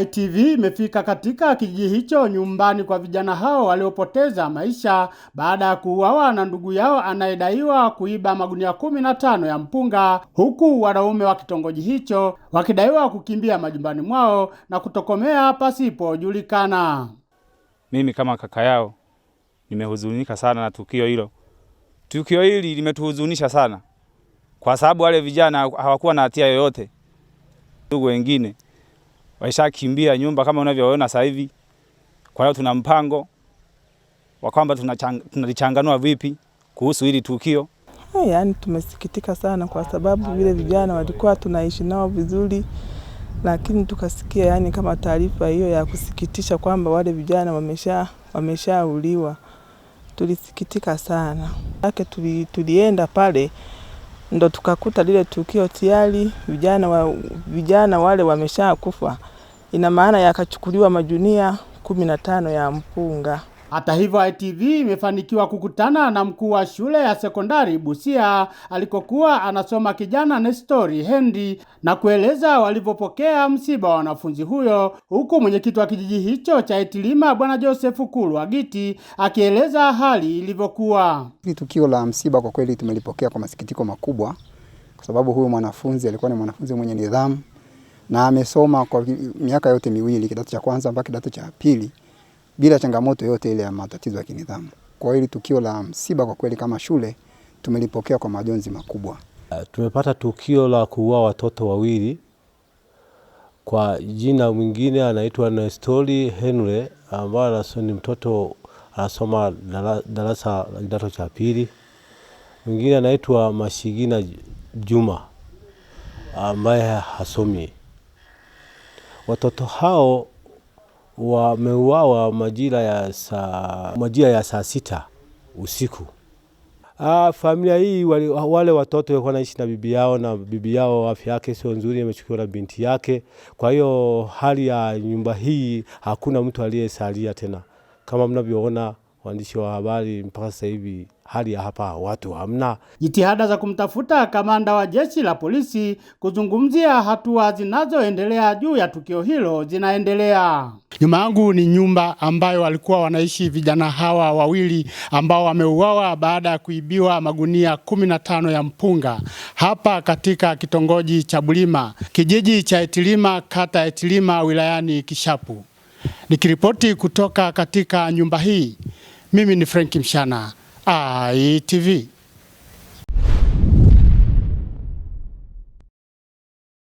ITV imefika katika kijiji hicho nyumbani kwa vijana hao waliopoteza maisha baada ya kuuawa na ndugu yao anayedaiwa kuiba magunia kumi na tano ya mpunga, huku wanaume wa kitongoji hicho wakidaiwa kukimbia majumbani mwao na kutokomea pasipojulikana. Mimi kama kaka yao nimehuzunika sana na tukio hilo. Tukio hili limetuhuzunisha sana, kwa sababu wale vijana hawakuwa na hatia yoyote. Ndugu wengine waishakimbia nyumba kama unavyoona sasa hivi. Kwa hiyo tuna mpango wa kwamba tunalichanganua vipi kuhusu hili tukio. Eh, yani tumesikitika sana, kwa sababu vile vijana walikuwa tunaishi nao vizuri, lakini tukasikia yani kama taarifa hiyo ya kusikitisha kwamba wale vijana wamesha wameshauliwa. Tulisikitika sana yake tuli, tulienda pale ndo tukakuta lile tukio tayari vijana, wa, vijana wale wameshakufa ina maana yakachukuliwa majunia 15 ya mpunga. Hata hivyo ITV imefanikiwa kukutana na mkuu wa shule ya sekondari Busia alikokuwa anasoma kijana Nestori Hendi na kueleza walivyopokea msiba wa wanafunzi huyo, huku mwenyekiti wa kijiji hicho cha Itilima Bwana Josefu Kulu Agiti akieleza hali ilivyokuwa. Hili tukio la msiba kwa kweli tumelipokea kwa masikitiko makubwa, kwa sababu huyu mwanafunzi alikuwa ni mwanafunzi mwenye nidhamu na amesoma kwa miaka yote miwili, kidato cha kwanza mpaka kidato cha pili bila changamoto yote ile ya matatizo ya kinidhamu. Kwa hili tukio la msiba, kwa kweli kama shule tumelipokea kwa majonzi makubwa. Eh, tumepata tukio la kuua watoto wawili kwa jina mwingine anaitwa Nestori Henry ambaye ni mtoto anasoma darasa la kidato cha pili. Mwingine anaitwa Mashigina Juma ambaye hasomi. Watoto hao wameuawa majira ya saa, majira ya saa sita usiku. Aa, ah, familia hii wale, wale watoto walikuwa naishi na bibi yao na bibi yao afya yake sio nzuri, amechukiwa na binti yake. Kwa hiyo hali ya nyumba hii hakuna mtu aliyesalia tena, kama mnavyoona waandishi wa habari mpaka sasa hivi hali ya hapa watu hamna. Jitihada za kumtafuta kamanda wa jeshi la polisi kuzungumzia hatua zinazoendelea juu ya tukio hilo zinaendelea. Nyuma yangu ni nyumba ambayo walikuwa wanaishi vijana hawa wawili ambao wameuawa baada ya kuibiwa magunia kumi na tano ya mpunga hapa katika kitongoji cha Bulima, kijiji cha Itilima, kata ya Itilima, wilayani Kishapu. Nikiripoti kutoka katika nyumba hii. Mimi ni Frank Mshana, ITV.